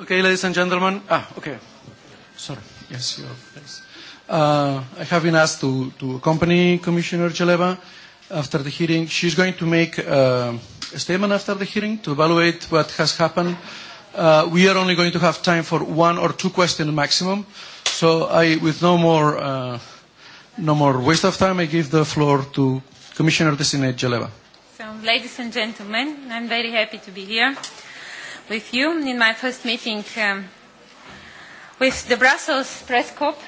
Okay, ladies and gentlemen. Ah, okay. Sorry. Yes, your face. Uh, I have been asked to, to accompany Commissioner Jaleva after the hearing. She's going to make uh, a statement after the hearing to evaluate what has happened. Uh, we are only going to have time for one or two questions maximum. So I, with no more, uh, no more waste of time, I give the floor to Commissioner Designate Jaleva. So, ladies and gentlemen, I'm very happy to be here with you in my first meeting um, with the Brussels Press Corps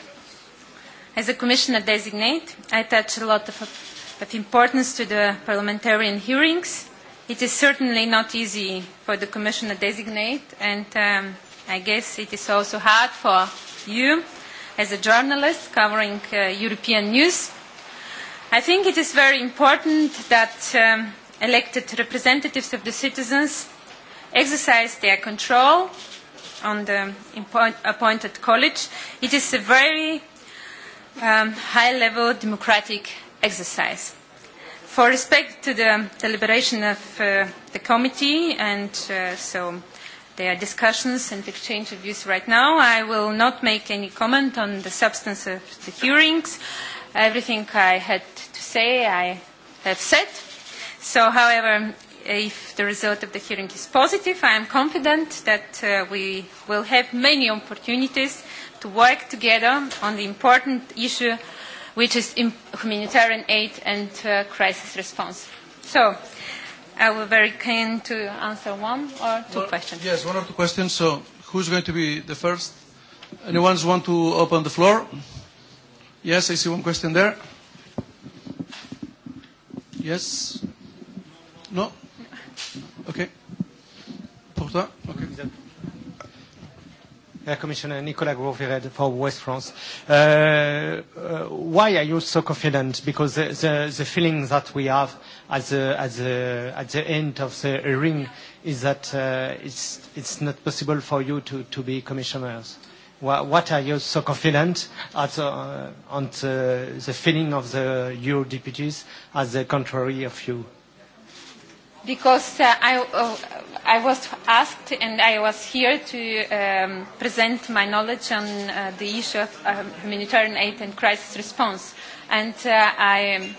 as a commissioner designate. I attach a lot of, of importance to the parliamentarian hearings. It is certainly not easy for the commissioner designate, and um, I guess it is also hard for you as a journalist covering uh, European news. I think it is very important that um, elected representatives of the citizens exercise their control on the appointed college. It is a very um, high-level democratic exercise. For respect to the deliberation of uh, the committee and uh, so their discussions and exchange of views right now, I will not make any comment on the substance of the hearings. Everything I had to say, I have said. So, however, if the result of the hearing is positive, I am confident that uh, we will have many opportunities to work together on the important issue, which is humanitarian aid and uh, crisis response. So, I will very keen to answer one or two well, questions. Yes, one or two questions. So, who's going to be the first? Anyone want to open the floor? Yes, I see one question there. Yes? No? no. no? Ok. Pour toi okay. Yeah, Commissioner Nicolas Grovered for West France. Uh, uh, why are you so confident? Because the, the, the feeling that we have at the, at, the, at the end of the ring is that uh, it's, it's not possible for you to, to be commissioners. Why, what are you so confident at, uh, on the, the feeling of the, your deputies as the contrary of you? because uh, I, uh, I was asked and I was here to um, present my knowledge on uh, the issue of um, humanitarian aid and crisis response. And uh, I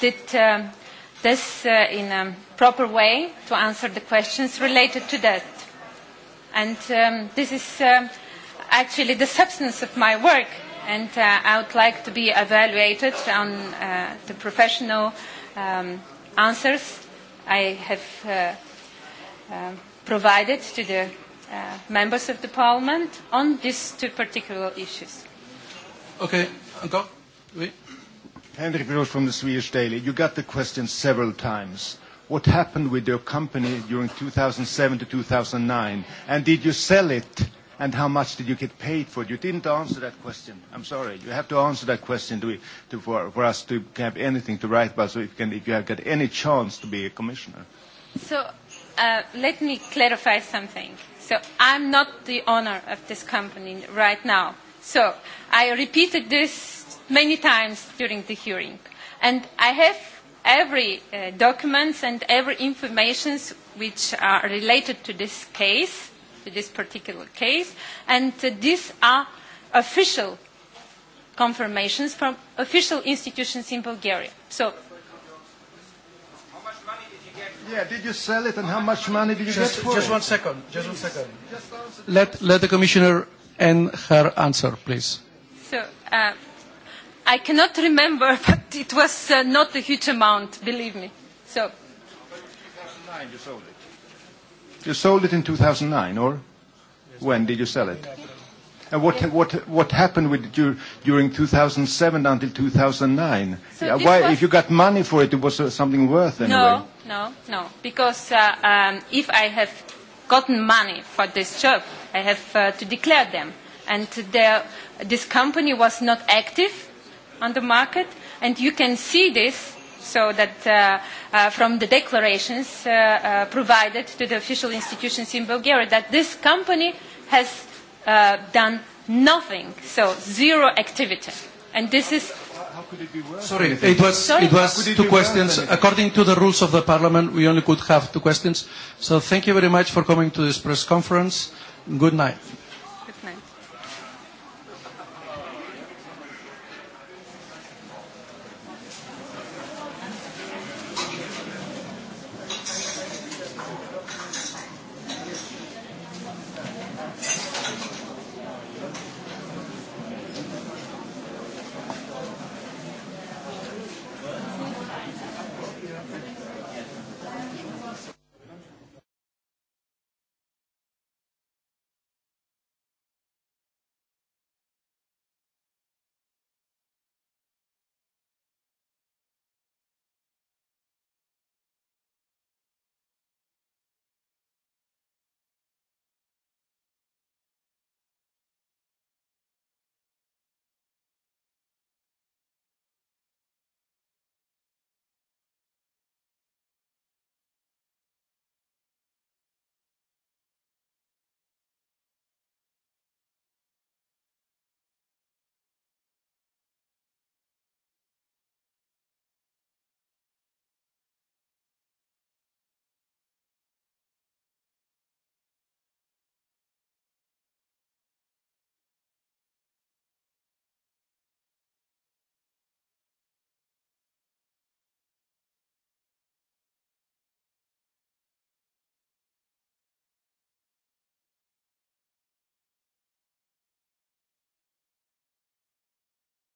did um, this uh, in a proper way to answer the questions related to that. And um, this is uh, actually the substance of my work. And uh, I would like to be evaluated on uh, the professional um, answers I have uh, uh, provided to the uh, members of the parliament on these two particular issues. Okay, Uncle? Oui. Henrik Roos from the Swedish Daily. You got the question several times. What happened with your company during 2007 to 2009? And did you sell it and how much did you get paid for it? You didn't answer that question. I'm sorry. You have to answer that question to, to, for, for us to have anything to write about, so if you, can, if you have got any chance to be a commissioner. So uh, let me clarify something. So I'm not the owner of this company right now. So I repeated this many times during the hearing. And I have every uh, documents and every information which are related to this case – to this particular case. And uh, these are official confirmations from official institutions in Bulgaria. So, yeah, did you sell it and how much money did you just, get for just it? One second, just one second. Just let, let the commissioner end her answer, please. So, uh, I cannot remember, but it was uh, not a huge amount, believe me. So, 2009 you sold it. You sold it in 2009, or? Yes. When did you sell it? 2011. What happened with it during 2007 until 2009? So this was- If you got money for it was uh, something worth no, anyway? No. no. Because uh, um, if I have gotten money for this job, I have uh, to declare them. This company was not active on the market, and you can see this so that uh, uh, from the declarations uh, uh, provided to the official institutions in Bulgaria that this company has uh, done nothing, so zero activity. And this is... Sorry, it was, Sorry. It was two it questions. According to the rules of the parliament, we only could have two questions. So thank you very much for coming to this press conference. Good night.